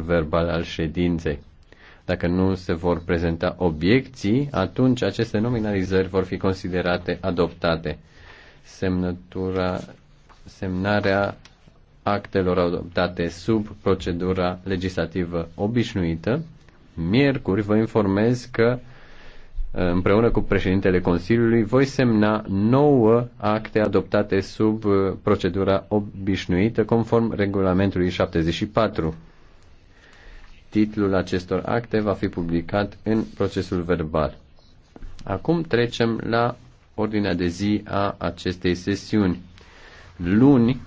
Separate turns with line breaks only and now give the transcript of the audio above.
verbal al ședinței. Dacă nu se vor prezenta obiecții, atunci aceste nominalizări vor fi considerate adoptate. Semnătura, semnarea actelor adoptate sub procedura legislativă obișnuită. Miercuri vă informez că împreună cu președintele Consiliului voi semna nouă acte adoptate sub procedura obișnuită conform regulamentului 74. Titlul acestor acte va fi publicat în procesul verbal. Acum trecem la ordinea de zi a acestei sesiuni.
Luni